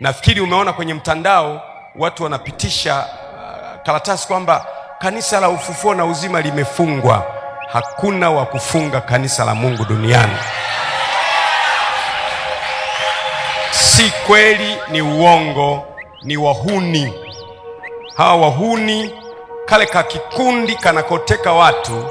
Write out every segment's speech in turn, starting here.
Nafikiri umeona kwenye mtandao watu wanapitisha uh, karatasi kwamba kanisa la ufufuo na uzima limefungwa. Hakuna wa kufunga kanisa la Mungu duniani. Si kweli, ni uongo, ni wahuni. Hawa wahuni, kale ka kikundi kanakoteka watu.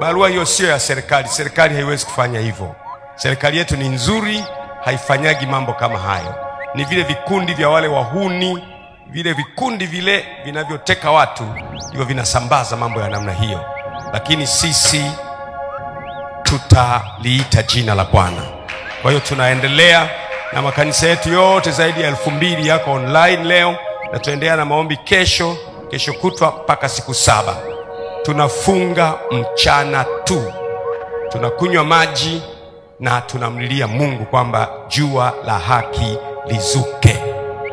Barua hiyo siyo ya serikali. Serikali haiwezi kufanya hivyo. Serikali yetu ni nzuri, haifanyagi mambo kama hayo ni vile vikundi vya wale wahuni, vile vikundi vile vinavyoteka watu, hivyo vinasambaza mambo ya namna hiyo. Lakini sisi tutaliita jina la Bwana. Kwa hiyo tunaendelea na makanisa yetu yote zaidi ya elfu mbili yako online leo, na tuendelea na maombi kesho, kesho kutwa mpaka siku saba. Tunafunga mchana tu, tunakunywa maji na tunamlilia Mungu kwamba jua la haki lizuke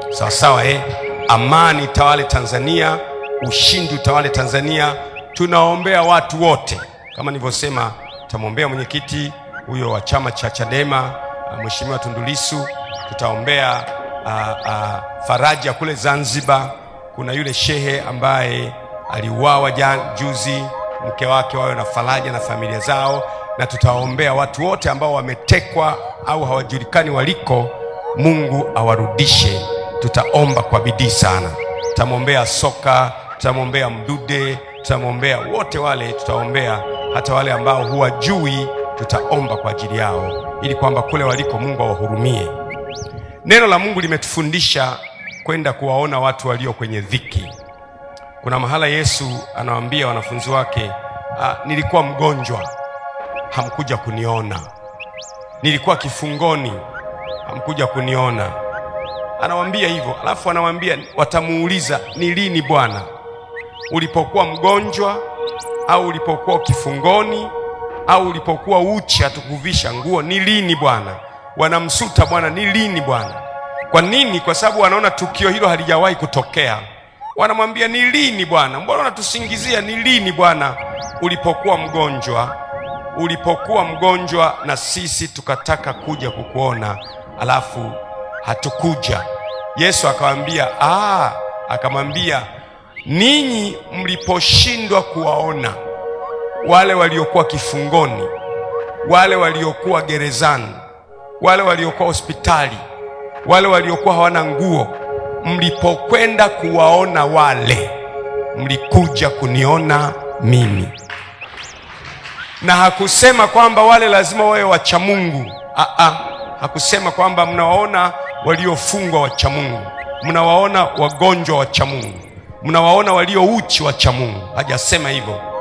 sawa sawa, eh? Amani tawale Tanzania, ushindi utawale Tanzania. Tunaombea watu wote, kama nilivyosema, tutamwombea mwenyekiti huyo wa chama cha Chadema ah, Mheshimiwa tundulisu tutaombea a, ah, a, ah, faraja kule Zanzibar. Kuna yule shehe ambaye aliuawa juzi, mke wake wawe na faraja na familia zao, na tutaombea watu wote ambao wametekwa au hawajulikani waliko. Mungu awarudishe. Tutaomba kwa bidii sana, tutamwombea Soka, tutamwombea Mdude, tutamwombea wote wale, tutaombea hata wale ambao huwajui, tutaomba kwa ajili yao ili kwamba kule waliko Mungu awahurumie. Neno la Mungu limetufundisha kwenda kuwaona watu walio kwenye dhiki. Kuna mahala Yesu anawaambia wanafunzi wake, ah, nilikuwa mgonjwa hamkuja kuniona, nilikuwa kifungoni hamkuja kuniona. Anawaambia hivyo, alafu anawaambia watamuuliza, ni lini Bwana ulipokuwa mgonjwa au ulipokuwa kifungoni au ulipokuwa uchi hatukuvisha nguo? Ni lini Bwana? Wanamsuta Bwana, ni lini Bwana? Kwa nini? Kwa sababu wanaona tukio hilo halijawahi kutokea. Wanamwambia, ni lini Bwana? Mbona unatusingizia? Ni lini Bwana ulipokuwa mgonjwa ulipokuwa mgonjwa na sisi tukataka kuja kukuona alafu hatukuja. Yesu akamwambia ah, akamwambia ninyi mliposhindwa kuwaona wale waliokuwa kifungoni, wale waliokuwa gerezani, wale waliokuwa hospitali, wale waliokuwa hawana nguo, mlipokwenda kuwaona wale, mlikuja kuniona mimi. Na hakusema kwamba wale lazima wawe wacha Mungu. Aa hakusema kwamba mnawaona waliofungwa wacha Mungu, mnawaona wagonjwa wacha Mungu, mnawaona waliouchi wacha Mungu. Hajasema hivyo.